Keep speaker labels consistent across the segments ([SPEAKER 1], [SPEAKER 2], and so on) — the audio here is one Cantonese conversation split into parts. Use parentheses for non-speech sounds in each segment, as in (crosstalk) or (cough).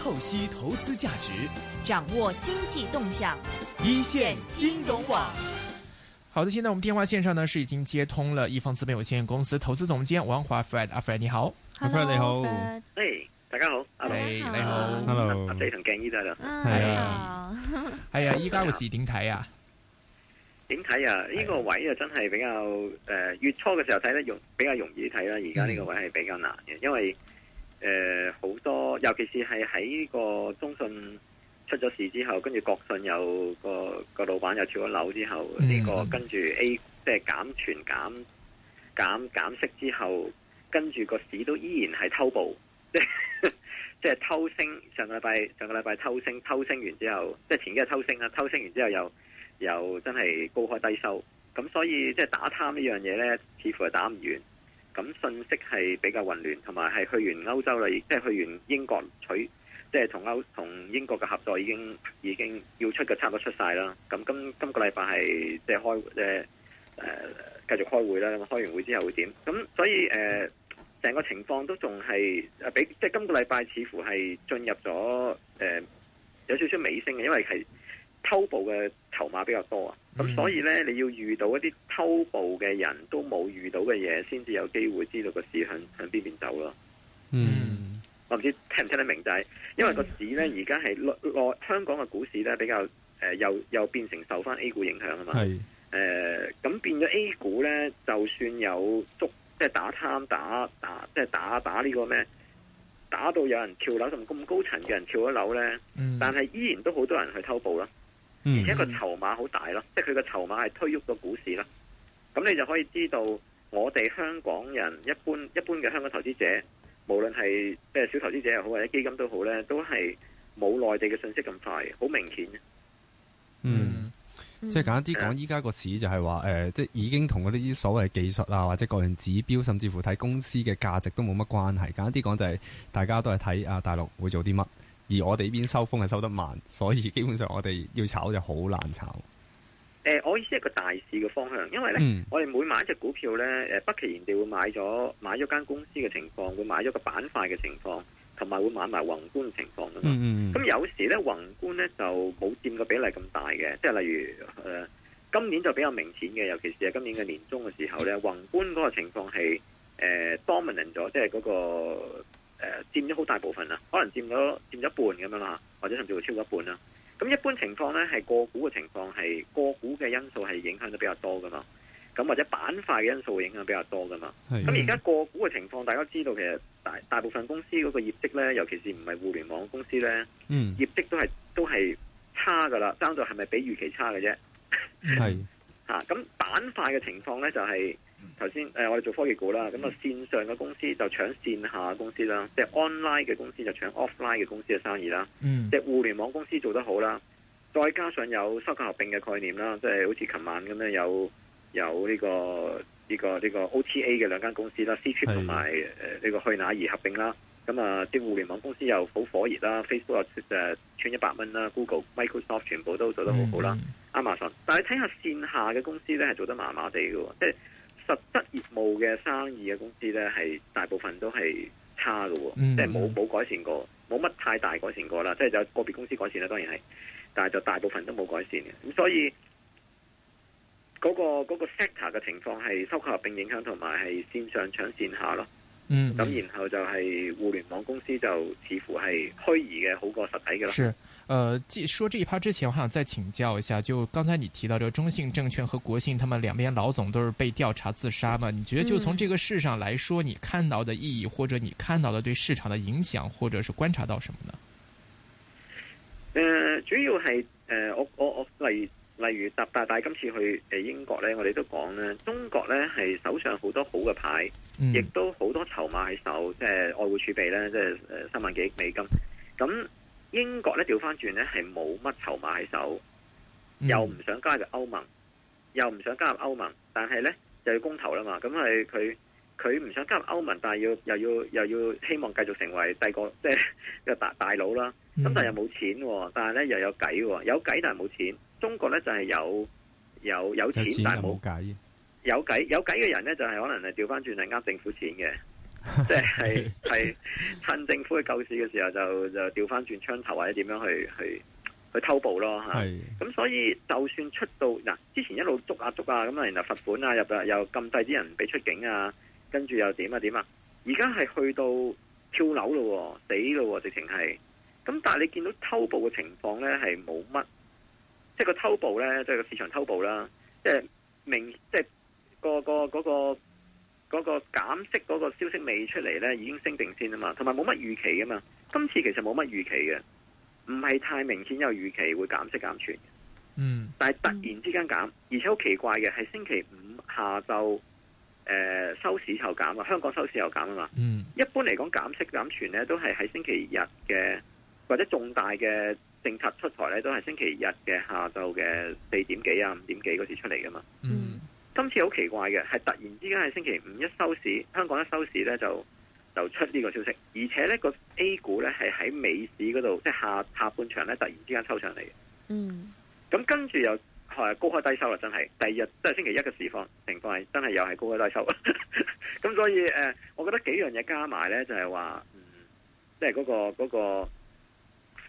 [SPEAKER 1] 透析投資價值，掌握經濟動向，一線金融網。
[SPEAKER 2] 好的，現在我們電話線上呢是已經接通了易方資本有限公司投資總監王華 Fred，阿 Fred 你好 Hello,，Fred 你好
[SPEAKER 3] ，Hey
[SPEAKER 4] 大家好，Hello，hey, 你好，Hello，非常驚喜在了，
[SPEAKER 2] 係啊，係啊，依家個市點睇啊？
[SPEAKER 4] 點 (laughs) 睇啊？呢、啊啊這個位啊真係比較誒、呃，月初嘅時候睇得容比較容易睇啦，而家呢個位係比較難嘅，因為。誒、呃，好多尤其是係喺個中信出咗事之後，跟住國信有個個老闆又跳咗樓之後，呢、mm -hmm. 這個跟住 A 即係減存減減減息之後，跟住個市都依然係偷步，即 (laughs) 係偷升。上個禮拜上個禮拜偷升，偷升完之後，即、就、係、是、前幾日偷升啦，偷升完之後又又真係高開低收。咁所以即係打貪呢樣嘢呢，似乎係打唔完。咁信息係比較混亂，同埋係去完歐洲啦，即係去完英國取，即係同歐同英國嘅合作已經已經要出嘅差唔多出晒啦。咁今今個禮拜係即係開誒誒、呃、繼續開會啦。咁開完會之後會點？咁所以誒、成、呃、個情況都仲係比即係今個禮拜似乎係進入咗誒、呃、有少少尾聲嘅，因為係。偷步嘅籌碼比較多啊，咁所以呢，你要遇到一啲偷步嘅人都冇遇到嘅嘢，先至有機會知道個市向向邊邊走咯。嗯，我唔知聽唔聽得明，就係因為個市呢，而家係落落香港嘅股市呢比較誒、呃、又又變成受翻 A 股影響啊嘛。咁、呃、變咗 A 股呢，就算有捉，即、就、係、是、打貪打打即係、就是、打打呢個咩，打到有人跳樓，同咁高層嘅人跳咗樓呢，嗯、但係依然都好多人去偷步啦。而且個籌碼好大咯，即係佢個籌碼係推喐到股市啦。咁你就可以知道，我哋香港人一般一般嘅香港投資者，無論係即小投資者又好，或者基金都好呢，都係冇內地嘅信息咁快，好明顯、嗯。嗯，
[SPEAKER 5] 即係簡單啲講，依家個市就係話誒，即係已經同嗰啲所謂技術啊，或者各樣指標，甚至乎睇公司嘅價值都冇乜關係。簡單啲講，就係大家都係睇啊大陸會做啲乜。而我哋呢邊收風係收得慢，所以基本上我哋要炒就好難炒。
[SPEAKER 4] 誒、呃，我意思係一個大市嘅方向，因為咧、嗯，我哋每買一隻股票咧，誒，不其然地會買咗買咗間公司嘅情況，會買咗個板塊嘅情況，同埋會買埋宏觀嘅情況咁、嗯嗯、有時咧宏觀咧就冇佔個比例咁大嘅，即係例如誒、呃，今年就比較明顯嘅，尤其是係今年嘅年中嘅時候咧、嗯，宏觀嗰個情況係誒、呃、dominant 咗，即係嗰、嗰個。誒、呃、佔咗好大部分啦，可能佔咗佔咗一半咁樣啦，或者甚至乎超過一半啦。咁一般情況咧，係個股嘅情況係個股嘅因素係影響得比較多噶嘛。咁或者板塊嘅因素影響比較多噶嘛。咁而家個股嘅情況、嗯，大家知道其實大大部分公司嗰個業績咧，尤其是唔係互聯網公司咧、嗯，業績都係都係差噶啦，差到係咪比預期差嘅啫？係嚇。咁、 (laughs) 啊、板塊嘅情況咧就係、是。頭先誒，我哋做科技股啦，咁啊線上嘅公司就搶線下公司啦，即係 online 嘅公司就搶 offline 嘅公司嘅生意啦。嗯，即係互聯網公司做得好啦，再加上有收購合併嘅概念啦，即係好似琴晚咁樣有有呢個呢個呢個 OTA 嘅兩間公司啦，Ctrip 同埋誒呢個去哪兒合併啦。咁啊啲互聯網公司又好火熱啦，Facebook 又誒賺一百蚊啦，Google、Microsoft 全部都做得好好啦，嗯，Amazon。但係睇下線下嘅公司咧係做得麻麻地嘅，即係。實質業務嘅生意嘅公司呢，係大部分都係差嘅。嗯嗯嗯，即係冇冇改善過，冇乜太大改善過啦。即係有個別公司改善啦，當然係，但係就大部分都冇改善嘅。咁所以嗰個、嗰個 sector 嘅情況係收購合併影響，同埋係線上搶線下咯。嗯，咁然後就係互聯網公司就似乎係虛擬嘅好過實體嘅啦。是，
[SPEAKER 2] 呃，即說這一 part 之前，我好想再請教一下，就剛才你提到，就中信證券和國信，他們兩邊老總都是被調查自殺嘛？你覺得就從這個事上來說，你看到的意義，或者你看到的對市場的影響，或者是觀察到什麼呢？呃，
[SPEAKER 4] 主要係呃，我我我例例如，習大大今次去誒英國咧，我哋都講咧，中國咧係手上好多好嘅牌，亦都好多籌碼喺手，即係外匯儲備咧，即係誒三萬幾億美金。咁英國咧調翻轉咧係冇乜籌碼喺手，又唔想加入歐盟，又唔想加入歐盟，但係咧又要公投啦嘛。咁係佢佢唔想加入歐盟，但係要又要又要，又要希望繼續成為帝國即係個大大佬啦。咁但係又冇錢、啊啊、錢，但係咧又有計喎，有計但係冇錢。中國咧就係、是、有有有錢，錢啊、但冇計。有計有計嘅人咧，就係、是、可能係調翻轉嚟呃政府錢嘅，即係係趁政府嘅救市嘅時候就，就就調翻轉槍頭或者點樣去去去偷步咯嚇。咁、啊、所以就算出到嗱、啊，之前一路捉啊捉啊咁啊，然後罰款啊入又咁低啲人俾出境啊，跟住又點啊點啊，而家係去到跳樓咯，死咯，直情係。咁但係你見到偷步嘅情況咧，係冇乜。即係個偷步咧，即係個市場偷步啦。即係明、嗰個，即、嗰、係個、嗰個、嗰個個減息嗰個消息未出嚟咧，已經升定先啊嘛。同埋冇乜預期噶嘛。今次其實冇乜預期嘅，唔係太明顯有預期會減息減存。嗯，但係突然之間減，而且好奇怪嘅係星期五下晝，誒、呃、收市後減啊，香港收市後減啊嘛。嗯，一般嚟講減息減存咧，都係喺星期日嘅或者重大嘅。政策出台咧都係星期日嘅下晝嘅四點幾啊五點幾嗰時出嚟㗎嘛？嗯，今次好奇怪嘅，係突然之間係星期五一收市，香港一收市咧就，就出呢個消息，而且呢個 A 股咧係喺美市嗰度，即係下下半場咧突然之間抽上嚟。嗯，咁跟住又係高開低收啦！真係，第二日都係星期一嘅市況，情況係真係又係高開低收。咁 (laughs) 所以誒，我覺得幾樣嘢加埋咧，就係話，即係嗰個嗰個。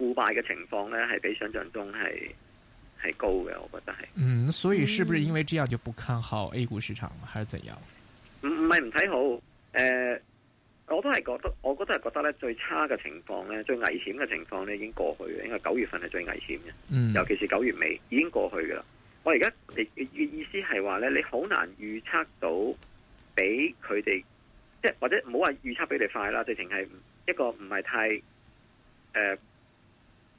[SPEAKER 4] 腐敗嘅情況咧，係比想象中係係高嘅，我覺得係。嗯，所以是不是
[SPEAKER 2] 因為這樣就不看好 A 股市場，還是怎樣？
[SPEAKER 4] 唔唔係唔睇好，誒、呃，我都係覺得，我嗰都係覺得咧，最差嘅情況咧，最危險嘅情況咧，已經過去嘅，因為九月份係最危險嘅，尤其是九月尾已經過去噶啦、嗯。我而家你嘅意思係話咧，你好難預測到俾佢哋，即係或者唔好話預測俾你快啦，直情係一個唔係太誒。呃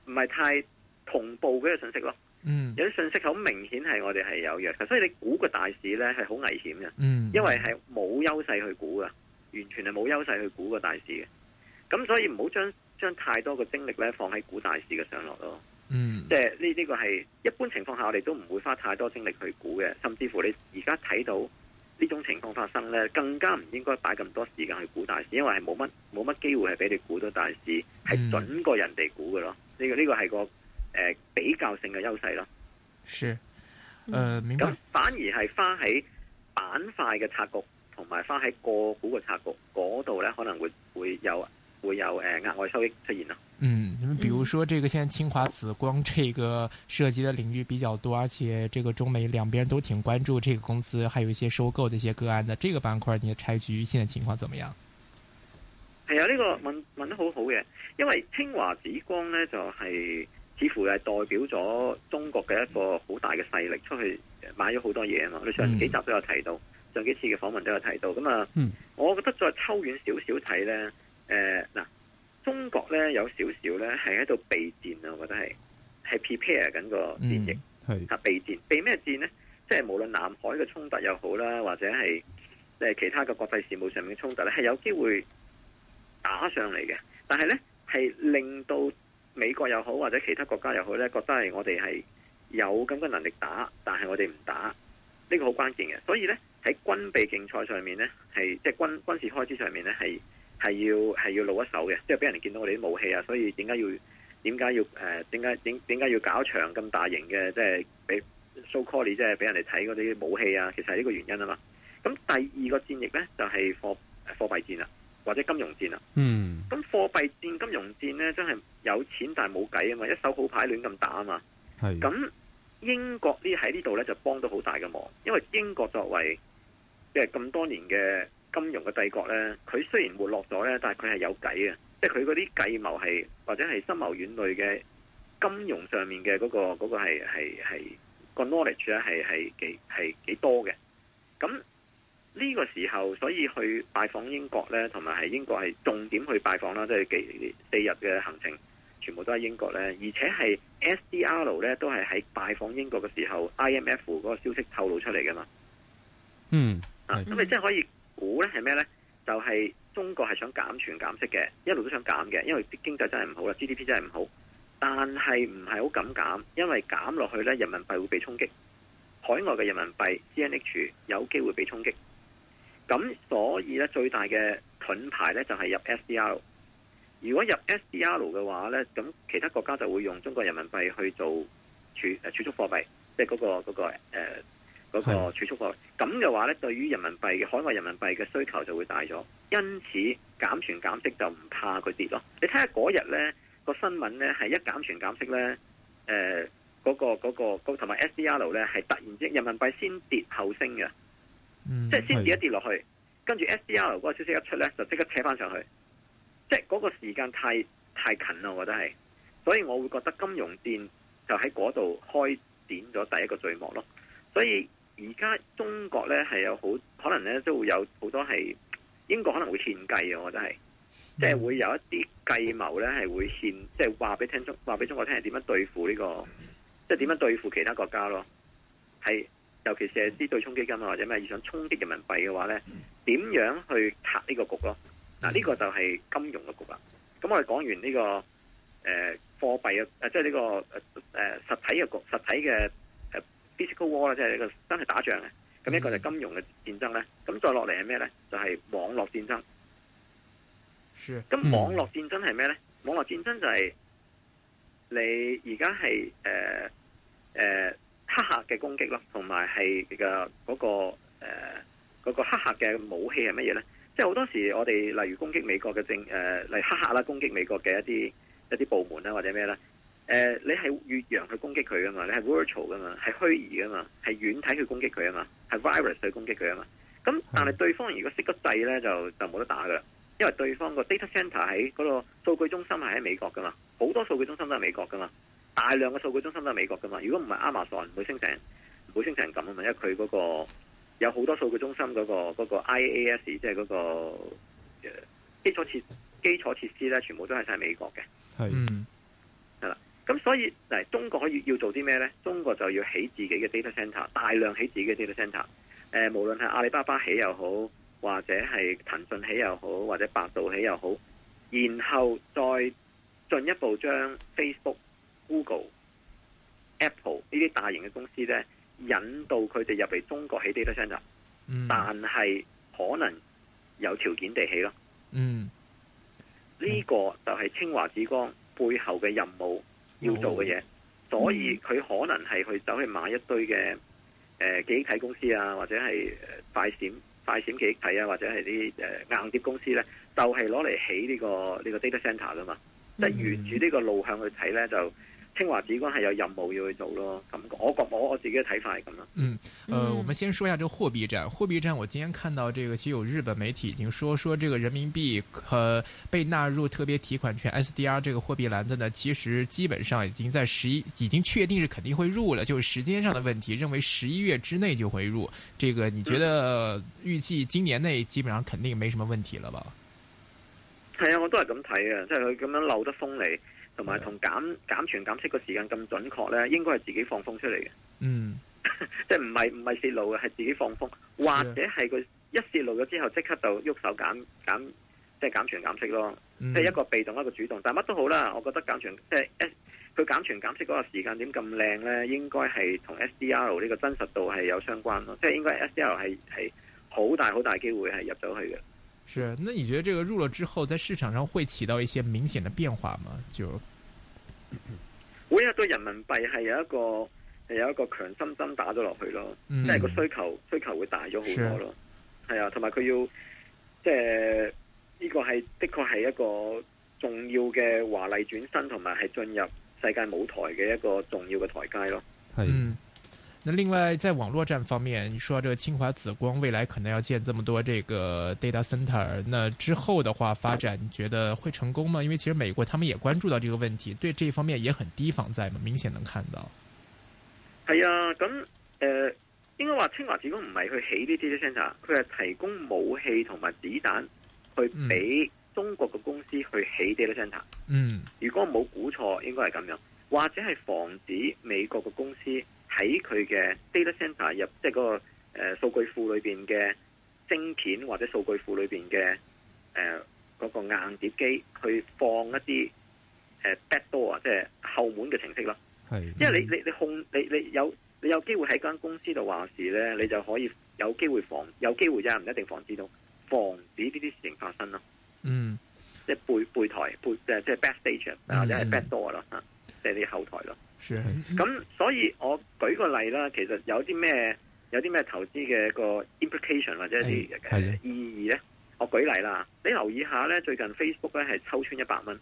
[SPEAKER 4] 唔係太同步嗰個信息咯，嗯，有啲信息好明顯係我哋係有弱嘅，所以你估個大市咧係好危險嘅，嗯，因為係冇優勢去估噶，完全係冇優勢去估個大市嘅，咁所以唔好將將太多嘅精力咧放喺估大市嘅上落咯，嗯，即係呢呢個係一般情況下我哋都唔會花太多精力去估嘅，甚至乎你而家睇到呢種情況發生咧，更加唔應該擺咁多時間去估大市，因為係冇乜冇乜機會係俾你估到大市，係、嗯、準過人哋估嘅咯。呢、這個呢、這個係個、呃、比較性嘅優勢咯。
[SPEAKER 3] 是，誒、呃、明白。
[SPEAKER 4] 反而係花喺板塊嘅拆局，同埋花喺個股嘅拆局嗰度咧，可能會會有會有誒額、呃、外收益出現咯。嗯，
[SPEAKER 2] 你、嗯、譬如說，這個現在清華紫光，這個涉及嘅領域比較多，而且這個中美兩邊都挺關注這個公司，還有一些收購的一些個案嘅，這個板塊你拆局，現在情況怎麼樣？
[SPEAKER 4] 係啊！呢個問問得好好嘅，因為清華紫光咧就係、是、似乎係代表咗中國嘅一個好大嘅勢力出去買咗好多嘢啊嘛！我哋上幾集都有提到，上幾次嘅訪問都有提到。咁啊、嗯，我覺得再抽遠少少睇咧，誒、呃、嗱，中國咧有少少咧係喺度備戰啊！我覺得係係 prepare 緊個戰役，係、嗯、啊備戰備咩戰咧？即係無論南海嘅衝突又好啦，或者係即係其他嘅國際事務上面嘅衝突咧，係有機會，打上嚟嘅，但係呢係令到美國又好，或者其他國家又好呢，覺得係我哋係有咁嘅能力打，但係我哋唔打，呢個好關鍵嘅。所以呢喺軍備競賽上面呢，係即係軍軍事開支上面呢，係係要係要露一手嘅，即係俾人哋見到我哋啲武器啊。所以點解要點解要誒？點解點點解要搞場咁大型嘅？即係俾 show call 你，即係俾人哋睇嗰啲武器啊。其實係呢個原因啊嘛。咁第二個戰役呢，就係貨貨幣戰啦。或者金融戰啊，嗯，咁貨幣戰、金融戰咧，真係有錢但係冇計啊嘛，一手好牌亂咁打啊嘛，係，咁英國在這裡呢喺呢度咧就幫到好大嘅忙，因為英國作為嘅咁多年嘅金融嘅帝國咧，佢雖然沒落咗咧，但係佢係有計嘅，即係佢嗰啲計謀係或者係深謀遠慮嘅金融上面嘅嗰、那個嗰、那個係係係個 knowledge 咧係係幾係幾多嘅，咁。呢、這個時候，所以去拜訪英國呢，同埋係英國係重點去拜訪啦，即係幾四日嘅行程，全部都喺英國呢，而且係 S D R 咧都係喺拜訪英國嘅時候，I M F 嗰個消息透露出嚟噶嘛？
[SPEAKER 3] 嗯、
[SPEAKER 4] 咁、啊、你真係可以估呢係咩呢？就係、是、中國係想減存減息嘅，一路都想減嘅，因為經濟真係唔好啦，G D P 真係唔好，但係唔係好敢減，因為減落去呢，人民幣會被衝擊，海外嘅人民幣 C N H 有機會被衝擊。咁所以咧最大嘅盾牌咧就係入 SDR，如果入 SDR 嘅話咧，咁其他國家就會用中國人民幣去做儲、呃、儲蓄貨幣，即係嗰個嗰個誒、呃，嗰個儲蓄貨幣。咁嘅話咧，對於人民幣嘅海外人民幣嘅需求就會大咗，因此減存減息就唔怕佢跌咯。你睇下嗰日咧個新聞咧係一減存減息咧，誒、呃、嗰個嗰個同埋 SDR 咧係突然之間人民幣先跌後升嘅。嗯、即係先至一跌落去，的跟住 SDR 嗰個消息一出咧，就即刻扯翻上去。即係嗰個時間太太近啦，我覺得係，所以我會覺得金融戰就喺嗰度開展咗第一個序幕咯。所以而家中國咧係有好可能咧都會有好多係英國可能會獻計啊，我覺得係、嗯，即係會有一啲計謀咧係會獻，即係話俾聽中話俾中國聽係點樣對付呢、呢個，即係點樣對付其他國家咯，係。尤其是啲對沖基金啊，或者咩，要想衝擊人民幣嘅話咧，點、嗯、樣去拆呢個局咯？嗱、嗯，呢、啊呢個就係金融嘅局啦。咁我哋講完呢、呢個誒、呃、貨幣嘅，誒即係呢個誒、呃、實體嘅局，實體嘅誒、呃、physical war 啦，即係呢個真係打仗嘅。咁一個就係金融嘅戰爭咧。咁、嗯、再落嚟係咩咧？就係、是、網絡戰爭。
[SPEAKER 3] 咁網
[SPEAKER 4] 絡戰爭係咩咧？網絡戰爭就係你而家係誒誒。呃呃黑客嘅攻擊咯，同埋係嘅嗰個誒、呃嗰個黑客嘅武器係乜嘢咧？即係好多時我哋例如攻擊美國嘅政誒例如黑客啦，攻擊美國嘅一啲一啲部門啦或者咩咧？誒、呃，你係越洋去攻擊佢噶嘛？你係 virtual 噶嘛？係虛擬噶嘛？係軟體去攻擊佢啊嘛？係 virus 去攻擊佢啊嘛？咁但係對方如果識得掣咧，就就冇得打噶啦，因為對方個 data center 喺嗰個數據中心係喺美國噶嘛，好多數據中心都係美國噶嘛。大量嘅數據中心都係美國噶嘛。如果唔係 Amazon 唔會升成，唔會升成咁啊嘛。因為佢嗰個有好多數據中心嗰、嗰個、嗰個 I A S，即係嗰個基礎設施基礎設施咧，全部都係晒美國嘅。係，係啦。咁所以中國可以要做啲咩咧？中國就要起自己嘅 data center，大量起自己嘅 data center、呃。誒，無論係阿里巴巴起又好，或者係騰訊起又好，或者百度起又好，然後再進一步將 Facebook。Google、Apple 呢啲大型嘅公司咧，引到佢哋入嚟中國起 data center、嗯、但係可能有條件地起咯。嗯，呢、呢個就係清華紫光背後嘅任務要做嘅嘢、哦，所以佢可能係去走去買一堆嘅誒、呃，記憶體公司啊，或者係誒快閃快閃記憶體啊，或者係啲誒硬碟公司咧，就係攞嚟起呢個呢、呢個 data center 噶嘛。即、嗯、係、就是、沿住呢個路向去睇咧，就。清華紫光係有任務要去做咯，咁我覺我我自己嘅睇法係咁
[SPEAKER 2] 咯。嗯，呃我們先說一下這個貨幣戰。貨幣戰，我今天看到，這個其實有日本媒體已經說，說這個人民幣和被納入特別提款權 SDR 這個貨幣籃子呢，其實基本上已經在十一，已經確定是肯定會入了，就是時間上的問題，認為十一月之內就會入。這個你覺得預計今年內基本上肯定沒什麼問題了
[SPEAKER 4] 吧？係啊、嗯，我都係咁睇嘅，即係佢咁樣漏得風嚟。同埋同減減存減息個時間咁準確呢，應該係自己放風出嚟嘅，嗯， (laughs) 即係唔係唔係洩露嘅，係自己放風，或者係佢一洩露咗之後即刻就喐手減減，即係減存減息咯，即係一個被動一個主動，嗯、但係乜都好啦，我覺得減存即係 S 佢減存減息嗰個時間點咁靚呢？應該係同 S D R 呢個真實度係有相關咯，即係應該 S D R 係係好大好大機會係入咗去嘅。
[SPEAKER 2] 是，那你覺得這個入了之後，在市場上會起到一些明顯的變化嗎？就
[SPEAKER 4] 每一日對人民幣係有一個係有一個強心針打咗落去咯，嗯、即係個需求需求會大咗好多咯，係啊，同埋佢要即係呢個係的確係一個重要嘅華麗轉身，同埋係進入世界舞台嘅一個重要嘅台階咯，係。嗯
[SPEAKER 2] 那另外，在網絡戰方面，你說這個清華紫光未來可能要建這麼多這個 data center，那之後的話發展，你覺得會成功嗎？因為其實美國他們也關注到這個問題，對這一方面也很提防，在嘛？明顯能看到。
[SPEAKER 4] 係啊，咁誒，應該話清華紫光唔係去起啲 data center，佢係提供武器同埋子彈去俾中國嘅公司去起 data center。嗯。如果冇估錯，應該係咁樣，或者係防止美國嘅公司。喺佢嘅 data center 入、那個，即係嗰個誒數據庫裏邊嘅晶片或者數據庫裏邊嘅誒嗰個硬碟機，去放一啲誒 back door 啊，即係後門嘅程式咯。係，因為你你你控你你有你有機會喺間公司度話事咧，你就可以有機會防有機會啫，唔一定防止到防止呢啲事情發生咯。嗯，即係背背台背誒，即係 back stage、嗯、或者係 back door 咯、嗯、即係啲後台咯。咁 (laughs) 所以我舉個例啦，其實有啲咩有啲咩投資嘅個 implication 或者一啲嘅意義咧，哎，我舉例啦，你留意一下咧，最近 Facebook 咧係抽穿一百蚊，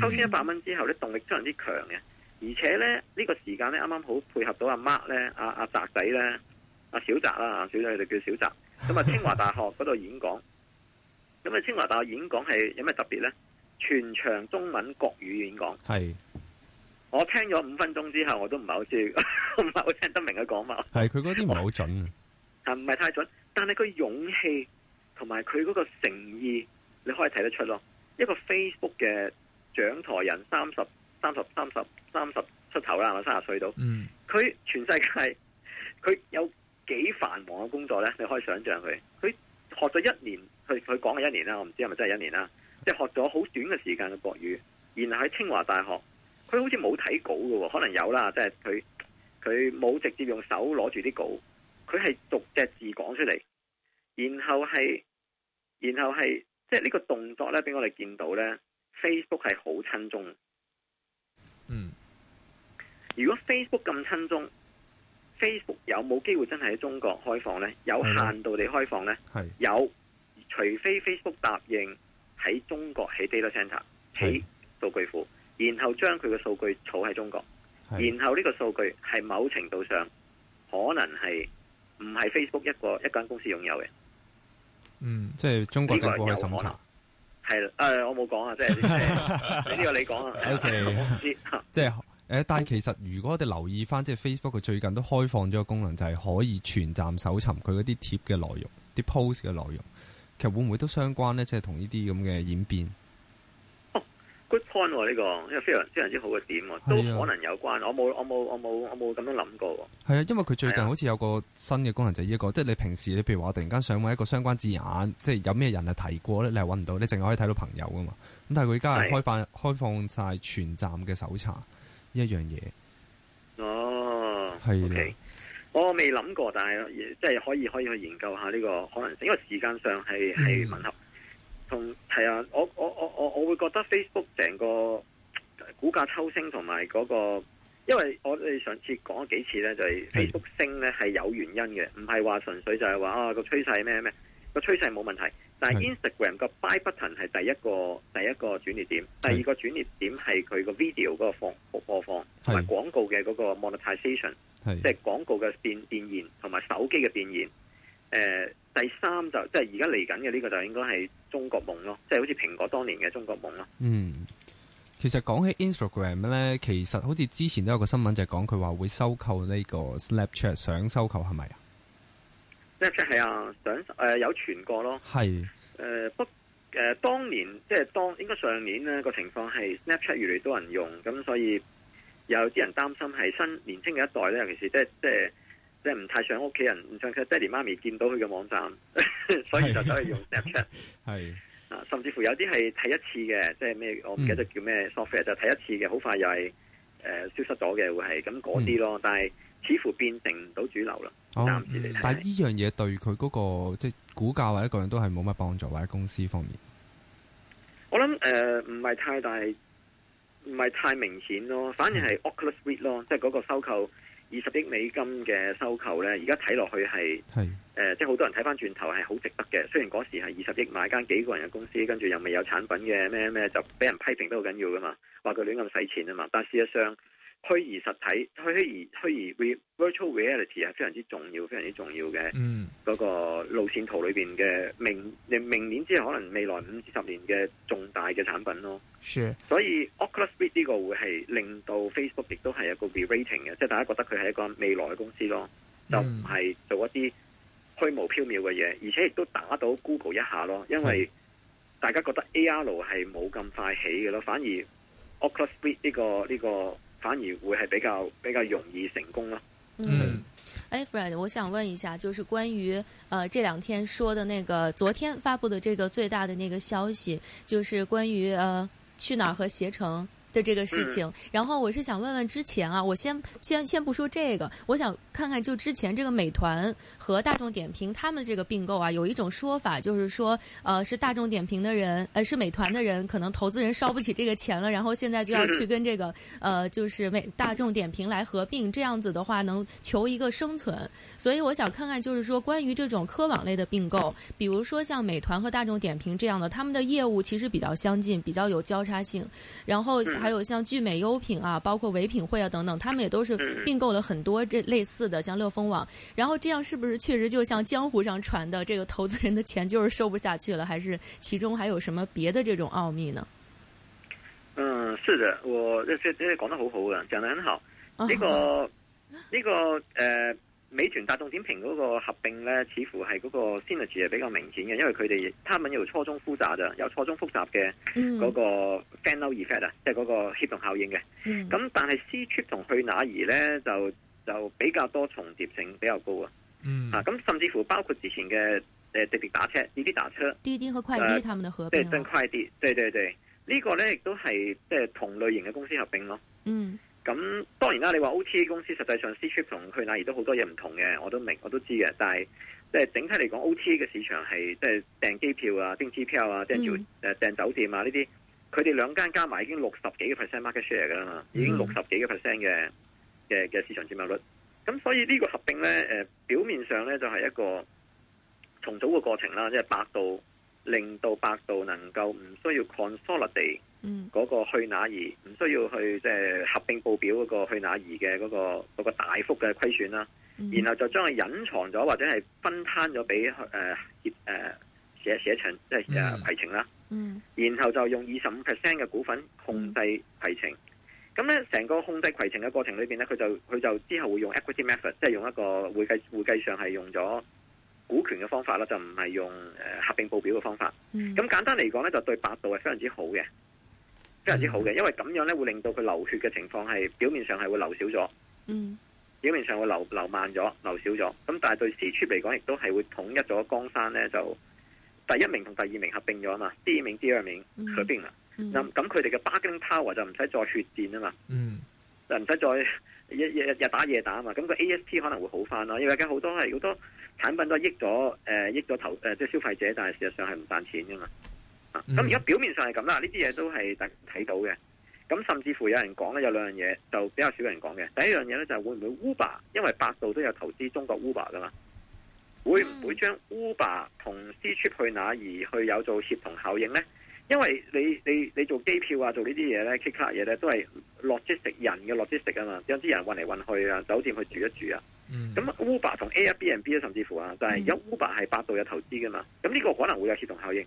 [SPEAKER 4] 抽穿一百蚊之後咧，動力真係有啲強嘅，而且咧呢，這個時間咧啱啱好配合到阿，啊，Mark 咧，阿阿澤仔咧，阿小澤啦，小澤佢哋，啊，叫小澤，咁啊清華大學嗰度演講，咁 (laughs) 啊清華大學演講係有咩特別咧？全場中文國語演講係。我聽咗五分鐘之後，我都唔係好知道，唔係好聽得明佢講乜。
[SPEAKER 5] 係佢嗰啲唔係好準，
[SPEAKER 4] 但唔係太準？但係佢勇氣同埋佢嗰個誠意，你可以睇得出咯。一個 Facebook 嘅掌舵人，三十、三十三、三十出頭啦，係咪三十歲到？嗯，佢全世界佢有幾繁忙嘅工作咧？你可以想象佢，佢學咗一年佢佢講嘅一年啦，我唔知係咪真係一年啦，即係學咗好短嘅時間嘅國語，然後喺清華大學。佢好似冇睇稿喎，可能有啦，即係佢佢冇直接用手攞住啲稿，佢係逐隻字講出嚟，然後係然後係即係呢個動作咧，俾我哋見到咧，Facebook 係好親中，嗯，如果 Facebook 咁親中，Facebook 有冇機會真係喺中國開放咧？有限度地開放咧？嗯，有，除非 Facebook 答應喺中國起 data center，起數據庫。嗯然後將佢嘅數據儲喺中國，然後呢個數據係某程度上可能係唔係 Facebook 一個一間公司擁有嘅。嗯，
[SPEAKER 5] 即係中國政府去審查。
[SPEAKER 4] 係啦，誒，我冇講啊， (laughs) 即係呢 (laughs) 個你講啊。OK，即
[SPEAKER 5] 係誒，但係其實如果我哋留意翻，即係 Facebook 佢最近都開放咗個功能，就係可以全站搜尋佢嗰啲貼嘅內容，啲 post 嘅內容，其實會唔會都相關咧？即係同呢啲咁嘅演變。
[SPEAKER 4] Good point 喎、啊，呢、這個因為非常非常之好嘅點喎、啊，都可能有關。我冇我冇我冇我冇咁樣諗
[SPEAKER 5] 過。係啊，因為佢最近好似有個新嘅功能就係呢一個，即係、啊就是、你平時你譬如話突然間想揾一個相關字眼，即、就、係、是、有咩人係提過咧，你係揾唔到，你淨係可以睇到朋友噶嘛。咁但係佢而家係開放、啊、開放曬全站嘅搜查呢一樣嘢。
[SPEAKER 4] 哦，係、啊。Okay, 我未諗過，但係即係可以可以去研究一下呢、這個可能性。因為時間上係係吻合。嗯同係啊！我我我我我會覺得 Facebook 成個股價抽升同埋嗰個，因為我哋上次講咗幾次咧，就係 Facebook 升咧係有原因嘅，唔係話純粹就係話啊個趨勢咩咩個趨勢冇問題。但係 Instagram 個 buy button 係第一個第一個轉捩點，第二個轉捩點係佢個 video 嗰個放播放同埋廣告嘅嗰個 monetization 即係廣告嘅變變現同埋手機嘅變現。誒、呃，第三就即係而家嚟緊嘅呢個就應該係中國夢咯，即係好似蘋果當年嘅中國夢咯。嗯，
[SPEAKER 5] 其實講起 Instagram 咧，其實好似之前都有一個新聞就係講佢話會收購呢個 Snapchat，想收購係咪啊
[SPEAKER 4] ？Snapchat 係啊，想誒、呃、有傳過咯。係誒、呃、不誒、呃，當年即係當應該上年呢個情況係 Snapchat 越嚟越多人用，咁所以有啲人擔心係新年輕嘅一代咧，尤其是即係即係。即係唔太想屋企人，唔想佢爹哋媽咪見到佢嘅網站， (laughs) 所以就走去用 Snapchat。係啊，甚至乎有啲係睇一次嘅，即係咩我唔記得叫咩 software，、嗯、就睇一次嘅，好快又係誒、呃、消失咗嘅，會係咁嗰啲咯。嗯、但係似乎變成唔到主流啦，暫、哦、時嚟睇、嗯。但係呢樣
[SPEAKER 5] 嘢對佢嗰、那個即係、就是、股價或者個人都係冇乜幫助，或者公司方面，
[SPEAKER 4] 我諗誒唔係太大，唔係太明顯咯。反而係 Oculus Rift 咯，嗯、即係嗰個收購。二十億美金嘅收購呢，而家睇落去係，誒、呃，即係好多人睇翻轉頭係好值得嘅。雖然嗰時係二十億買間幾個人嘅公司，跟住又未有產品嘅咩咩，就俾人批評都好緊要噶嘛，話佢亂咁使錢啊嘛。但係事實上。虛擬實體，虛擬虛擬 virtual reality 係非常之重要，非常之重要嘅。嗰、mm. 個路線圖裏邊嘅明，明年之後可能未來五至十年嘅重大嘅產品咯。Sure. 所以 Oculus Rift 呢個會係令到 Facebook 亦都係一個 re-rating 嘅，即、就、係、是、大家覺得佢係一個未來嘅公司咯,就唔係做一啲虛無縹緲嘅嘢，而且亦都打到 Google 一下咯，因為大家覺得 AR 係冇咁快起嘅咯，反而 Oculus Rift 呢個呢個。這個反而會是比較比較容易成功
[SPEAKER 1] 了。嗯，哎、hey、fred，我想問一下，就是關於呃，這兩天說的那個昨天發佈的這個最大的那個消息，就是關於呃，去哪兒和攜程的這個事情，嗯。然後我是想問問之前啊，我先先先不說這個，我想。看看，就之前這個美團和大眾點評，他們這個併購啊，有一種說法就是說，呃，是大眾點評的人，呃，是美團的人，可能投資人燒不起這個錢了，然後現在就要去跟這個，呃，就是美大眾點評來合併，這樣子的話能求一個生存。所以我想看看，就是說關於這種科網類的併購，比如說像美團和大眾點評這樣的，他們的業務其實比較相近，比較有交叉性。然後還有像聚美優品啊，包括唯品會啊等等，他們也都是併購了很多這類似。的像樂蜂網，然後這樣是不是確實就像江湖上傳的這個投資人的錢就是收不下去了？還是其中還有什麼別的這種奧秘呢？嗯，
[SPEAKER 4] 是的，我這這講得好好啊，講得很好。哦、這個這個呃美團大眾點評嗰個合併呢似乎係嗰個 synergy 比較明顯嘅，因為他們它有初中複雜的有初中複雜的嗰個 fanout effect，即、嗯、係、就是、個協同效應嘅。咁、嗯嗯嗯、但係 Ctrip 同去哪兒呢就。就比較多重疊性比較高啊，嚇、嗯、咁、啊、甚至乎包括之前嘅誒滴滴打車，滴滴打車，滴
[SPEAKER 1] 滴、呃、和快滴，他們的合併，即係真
[SPEAKER 4] 快滴，對對對，呢、這個呢亦都係即係同類型嘅公司合併咯。嗯，咁當然啦，你話 O T A 公司實際上 Ctrip 同去哪兒都好多嘢唔同嘅，我都明，我都知嘅。但係即係整體嚟講，O T A 嘅市場係即係訂機票啊、訂機票啊、即係訂酒店啊呢啲，佢哋兩間加埋已經六十幾個 percent market share 㗎啦、嗯，已經六十幾個 percent 嘅。嘅嘅市場佔有率，咁所以呢個合併呢，誒、呃、表面上呢就係、是、一個重組嘅過程啦，即、就、係、是、百度令到百度能夠唔需要 consolidate 嗰個去哪兒，唔、嗯、需要去即係、就是、合併報表嗰個去哪兒嘅嗰、那個那個大幅嘅虧損啦、嗯，然後就將佢隱藏咗或者係分攤咗俾誒協誒寫寫程即係誒提程啦，然後就用二十五 percent 嘅股份控制提程。嗯嗯。咁咧，成個控制攜程嘅過程裏邊咧，佢就佢就之後會用 equity method，即係用一個會計會計上係用咗股權嘅方法啦，就唔係用誒合併報表嘅方法。咁、嗯、簡單嚟講咧，就對百度係非常之好嘅，非常之好嘅、嗯，因為咁樣咧會令到佢流血嘅情況係表面上係會流少咗、嗯，表面上會流流慢咗，流少咗。咁但係對私處嚟講，亦都係會統一咗江山咧，就第一名同第二名合併咗啊嘛，第一名第二名合併啦。第二名嗯咁咁佢哋嘅 bargain power 就唔使再血戰啊嘛，嗯、就唔使再日日日打夜打啊嘛，咁個 A S P 可能會好翻咯，因為而家好多係好多產品都係益咗誒、呃、益咗投誒、呃、即係消費者，但係事實上係唔賺錢噶嘛。咁而家表面上係咁啦，呢啲嘢都係大家睇到嘅。咁甚至乎有人講咧，有兩樣嘢就比較少人講嘅。第一樣嘢咧就係會唔會 Uber，因為百度都有投資中國 Uber 噶嘛，會唔會將 Uber 同 Ctrip 去哪兒去有做協同效應咧？因為你你你做機票啊，做呢啲呢啲嘢咧，其他嘢咧都係 Logistics 人嘅，Logistics 啊嘛，有啲人運嚟運去啊，酒店去住一住啊。咁、嗯、Uber 同 Airbnb 啊，甚至乎啊，但係有 Uber 係百度有投資噶嘛，咁呢個可能會有協同效應。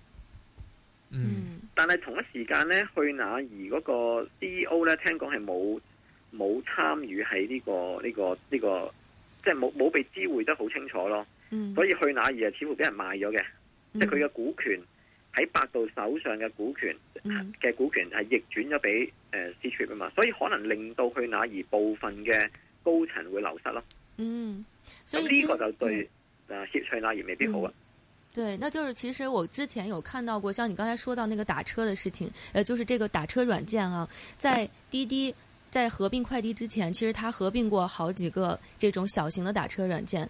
[SPEAKER 4] 嗯。但係同一時間咧，去哪兒嗰個 CEO 咧，聽講係冇冇參與喺呢、呢個呢、呢個呢、呢個，即係冇冇被知會得好清楚咯、嗯。所以去哪兒而啊，似乎俾人賣咗嘅、嗯，即係佢嘅股權。喺百度手上嘅股權嘅股權係逆轉咗俾 Ctrip 啊嘛，所以可能令到去哪兒部分嘅高層會流失咯。嗯，
[SPEAKER 1] 所以呢個
[SPEAKER 4] 就對 Ctrip 啊亦未必好啊、嗯。
[SPEAKER 1] 對，那就是其實我之前有看到過，像你剛才說到那個打車的事情，就是這個打車軟件啊，在滴滴在合併快的之前，其實他合併過好幾個這種小型的打車軟件。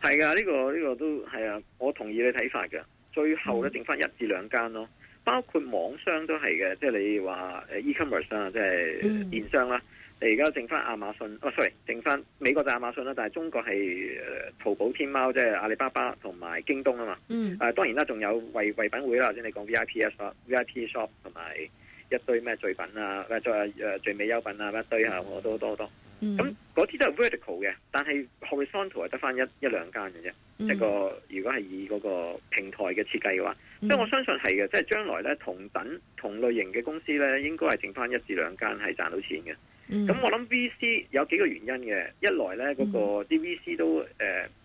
[SPEAKER 4] 係啊，呢、這個呢、這個都係啊，我同意你睇法嘅。最後咧，剩翻，一至兩間咯，包括網商都係嘅，即係你話誒 e-commerce 啊，即係電商啦。你而家剩翻亞馬遜，哦，sorry，剩翻美國就亞馬遜啦，但係中國係淘寶、天貓，即係阿里巴巴同埋京東啊嘛。嗯。啊，當然啦，仲有唯唯品會啦，即係你講 V I P shop、V I P shop 同埋一堆咩聚品啊，唔再誒聚美優品啊，一堆吓，好多好多。多多咁嗰啲都係 vertical 嘅，但係 horizontal 係得翻一一兩間嘅啫。即個、嗯、如果係以嗰個平台嘅設計嘅話，即、嗯、係我相信係嘅。即係將來咧，同等同類型嘅公司咧，應該係剩翻一至兩間係賺到錢嘅。
[SPEAKER 3] 咁、嗯、我諗
[SPEAKER 4] VC 有幾個原因嘅，一來咧嗰、嗯那個啲 VC 都誒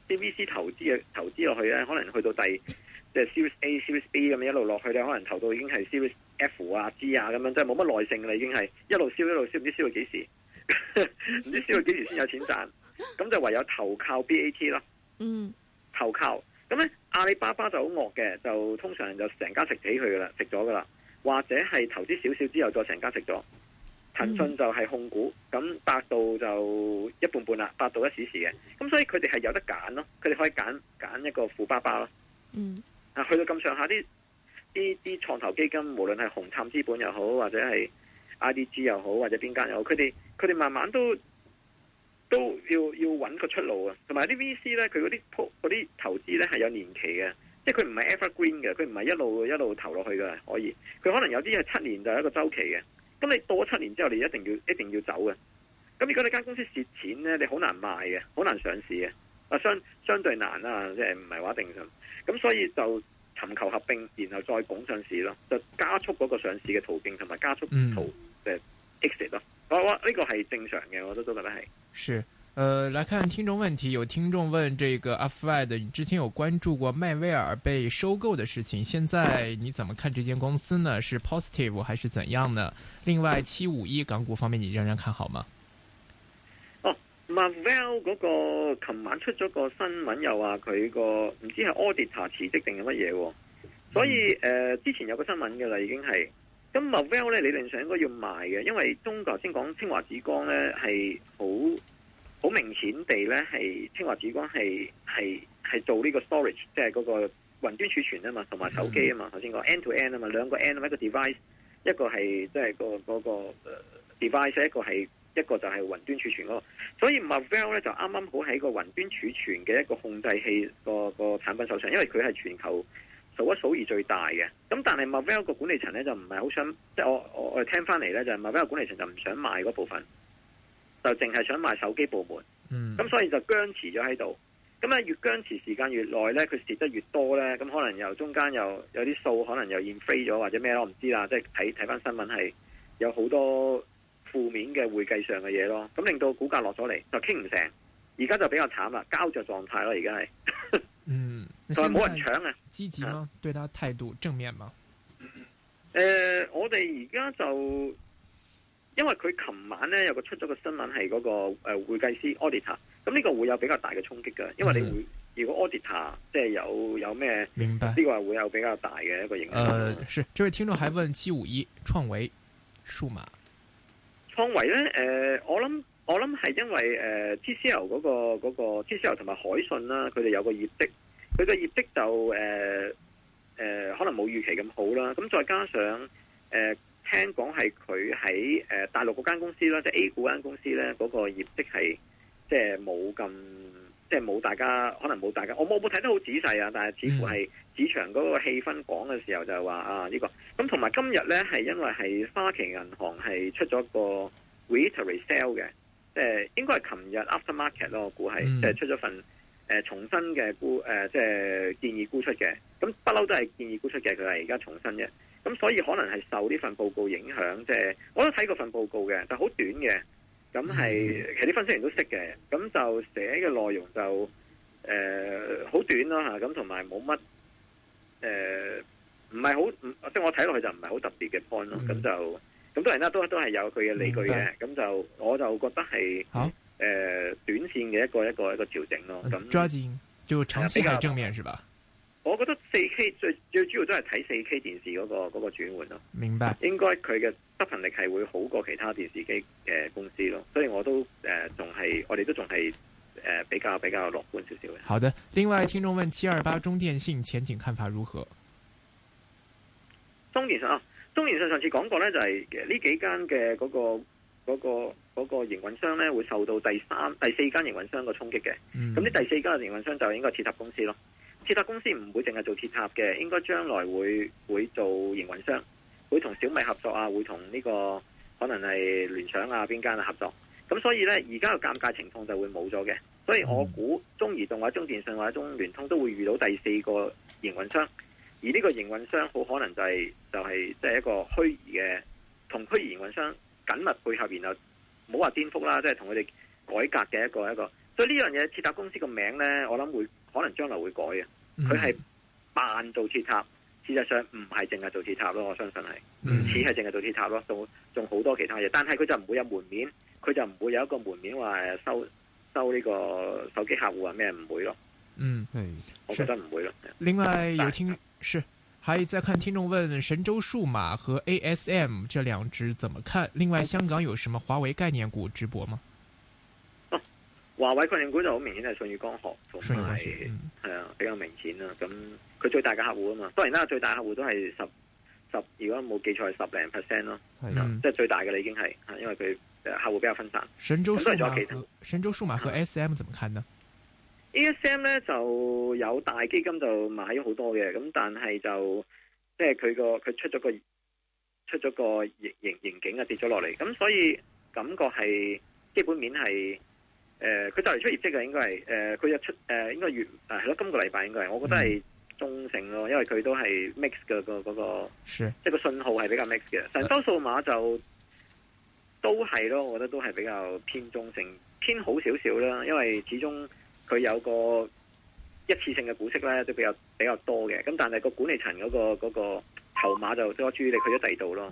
[SPEAKER 4] 啲 VC 投資嘅投資落去咧，可能去到第即係、就是、Series A、Series B 咁樣一路落去咧，可能投到已經係 Series F 啊、G 啊咁樣，即係冇乜耐性啦，已經係一路燒一路燒，唔知燒到幾時。唔 (laughs) 知少六幾時先有錢賺？咁就唯有投靠 BAT 啦。嗯，投靠咁咧，阿里巴巴就好惡嘅，就通常就成家食死佢噶啦，食咗噶啦，或者係投資少少之後再成家食咗。騰訊就係控股，咁百度就一半半啦，百度一時時嘅。咁所以佢哋係有得揀咯，佢哋可以揀揀一個富爸爸咯。嗯，啊去到咁上下啲啲啲創投基金，無論係紅杉資本又好，或者係，I D G 又好，或者邊間又好，佢哋佢哋慢慢都都要要揾個出路啊！同埋啲 V C 呢，佢嗰啲鋪啲投資呢係有年期嘅，即係佢唔係 evergreen 嘅，佢唔係一路一路投落去㗎，可以。佢可能有啲係七年就係一個周期嘅，咁你到咗七年之後，你一定要一定要走嘅。咁如果你間公司蝕錢呢，你好難賣嘅，好難上市嘅，啊相相對難啦，即係唔係話定咁，咁所以就。尋求合併，然後再拱上市咯，就加速嗰個上市嘅途徑同埋加速途嘅 exit 咯。我話呢個係正常嘅，我都覺得都係。
[SPEAKER 2] 是，呃，來看聽眾問題，有聽眾問：這個阿 f r a 你之前有關注過邁威爾被收購的事情，現在你怎麼看這間公司呢？是 positive 還是怎樣呢？另外，七五一港股方面，你仍然看好嗎？
[SPEAKER 4] Marvel 嗰、那個琴晚出咗個新聞，又話佢個唔知係 auditor 辭職定係乜嘢，所以誒、呃、之前有一個新聞嘅啦，已經係咁 Marvel 咧理論上應該要賣嘅，因為中國先講清華紫光咧係好好明顯地咧係清華紫光係係係做呢個 storage，即係嗰個雲端儲存啊嘛，同埋手機啊嘛，頭先講 end to end 啊嘛，兩個 end 一個 device，一個係即係個嗰、那個誒 device，一個係。一個就係雲端儲存咯，所以 Marvel 咧就啱啱好喺個雲端儲存嘅一個控制器的個個產品手上，因為佢係全球數一數二最大嘅。咁但係 Marvel 個管理層咧就唔係好想，即係我我我聽翻嚟咧就係、是、Marvel 管理層就唔想賣嗰部分，就淨係想賣手機部門。咁、嗯、所以就僵持咗喺度。咁啊，越僵持時間越耐咧，佢蝕得越多咧。咁可，可能又中間又有啲數可能又 inflate 咗或者咩咯，我唔知啦。即係睇睇翻新聞係有好多。負面嘅會計上嘅嘢咯，咁令到股價落咗嚟就傾唔成。而家就比較慘啦，膠着狀態咯，而家係，
[SPEAKER 2] 嗯，就冇人搶啊。積極嗎？對他態度正面嗎？
[SPEAKER 4] 誒、呃，我哋而家就因為佢琴晚咧有個出咗個新聞，係嗰、那個誒、呃、會計師 auditor，咁呢個會有比較大嘅衝擊噶。因為你會、嗯、如果 auditor 即係有有咩，明白呢、這個會有比較大嘅一個影響。誒、呃，
[SPEAKER 2] 是，這位聽眾還問七五一創維數碼。
[SPEAKER 4] 創維咧，誒、呃，我諗我諗係因為誒、呃、TCL、嗰個、嗰個 TCL 同埋海信啦，佢哋有個業績，佢、呃呃呃呃就是嗰個業績就誒誒，可能冇預期咁好啦。咁再加上誒，聽講係佢喺誒大陸嗰間公司啦，就 A 股嗰間公司咧，嗰個業績係即係冇咁，即係冇大家可能冇大家，我冇冇睇得好仔細啊，但係似乎係。嗯市場嗰個氣氛講嘅時候就係話啊，這個、呢個咁同埋今日咧，係因為係花旗銀行係出咗個 reiterate sell 嘅，即、就、係、是、應該係琴日 aftermarket 咯我估係即係出咗份誒、呃、重申嘅沽誒，即、呃、係、就是、建議沽出嘅。咁不嬲都係建議沽出嘅，佢係而家重申嘅。咁所以可能係受呢份報告影響，即、就、係、是、我都睇過份報告嘅，但好短嘅。咁係其實啲分析員都識嘅，咁就寫嘅內容就誒好、呃、短咯、啊、嚇，咁同埋冇乜。誒、呃，唔係好，即係我睇落去就唔係好特別嘅 point 咯、嗯。咁就咁當然啦，都都係有佢嘅理據嘅。咁就我就覺得係，誒、啊呃，短線嘅一個一個一個調整咯。咁、嗯、抓緊
[SPEAKER 2] 就長期係正面是吧？
[SPEAKER 4] 我覺得四 K 最最主要都係睇四 K 電視嗰、那個、那個轉換咯。
[SPEAKER 2] 明白。應
[SPEAKER 4] 該佢嘅執行力係會好過其他電視機嘅公司咯。所以我都誒仲係，我哋都仲係。誒、呃，比較比較樂觀少少嘅。
[SPEAKER 2] 好的，另外聽眾問七二八中電信前景看法如何？
[SPEAKER 4] 中電信啊，中電信上，上次講過咧，就係、是那個那個那個，呢幾間嘅嗰個嗰個嗰個營運商咧，會受到第三、第四間營運商嘅衝擊嘅。咁、嗯、呢第四間嘅營運商就應該鐵塔公司咯。鐵塔公司唔會淨係做鐵塔嘅，應該將來會會做營運商，會同小米合作啊，會同呢、這個可能係聯想啊邊間、啊、合作。咁所以呢，而家嘅尷尬情況就會冇咗嘅。所以我估中移動或者中電信或者中聯通都會遇到第四個營運商，而呢個營運商好可能就係就係即係一個虛擬嘅，同虛擬營運商緊密配合，然後冇話顛覆啦，即係同佢哋改革嘅一個一個。所以呢樣嘢鐵塔公司個名呢，我諗會可能將來會改嘅。佢係扮做鐵塔，事實上唔係淨係做鐵塔咯。我相信係似係淨係做鐵塔咯，仲仲好多其他嘢。但係佢就唔會有門面。佢就唔會有一個門面話收收呢個手機客戶啊咩？唔會咯。嗯，
[SPEAKER 2] 係、嗯，我覺得唔會咯。另外有聽是，係再看聽眾問神州數碼和 ASM 這兩隻怎麼看？另外香港有什麼華為概念股直播嗎？
[SPEAKER 4] 哦、啊，華為概念股就好明顯係舜宇光學同埋
[SPEAKER 2] 係
[SPEAKER 4] 啊，比較明顯啦、啊。咁佢最大嘅客戶啊嘛，當然啦，最大的客戶都係十十，如果冇記錯係十零 percent 咯，即係最大嘅啦已經係因為佢。客戶比較分散。
[SPEAKER 2] 神州數碼、神州數碼和 S M 怎麼看呢？E、
[SPEAKER 4] 啊、S M 咧就有大基金就買咗好多嘅，咁但係就即係佢個佢出咗個出咗個盈盈盈警啊跌咗落嚟，咁所以感覺係基本面係誒，佢就嚟出業績嘅，應該係誒，佢、呃、就出誒、呃，應該月誒係咯，今個禮拜應該係，我覺得係中性咯、嗯，因為佢都係 mix 嘅個嗰個，即係個信號係比較 mix 嘅。神州數碼就。呃都係咯，我覺得都係比較偏中性、偏好少少啦。因為始終佢有個一次性嘅股息咧，都比較比較多嘅。咁但係個管理層嗰個嗰個籌碼就將注意力去咗第二度咯。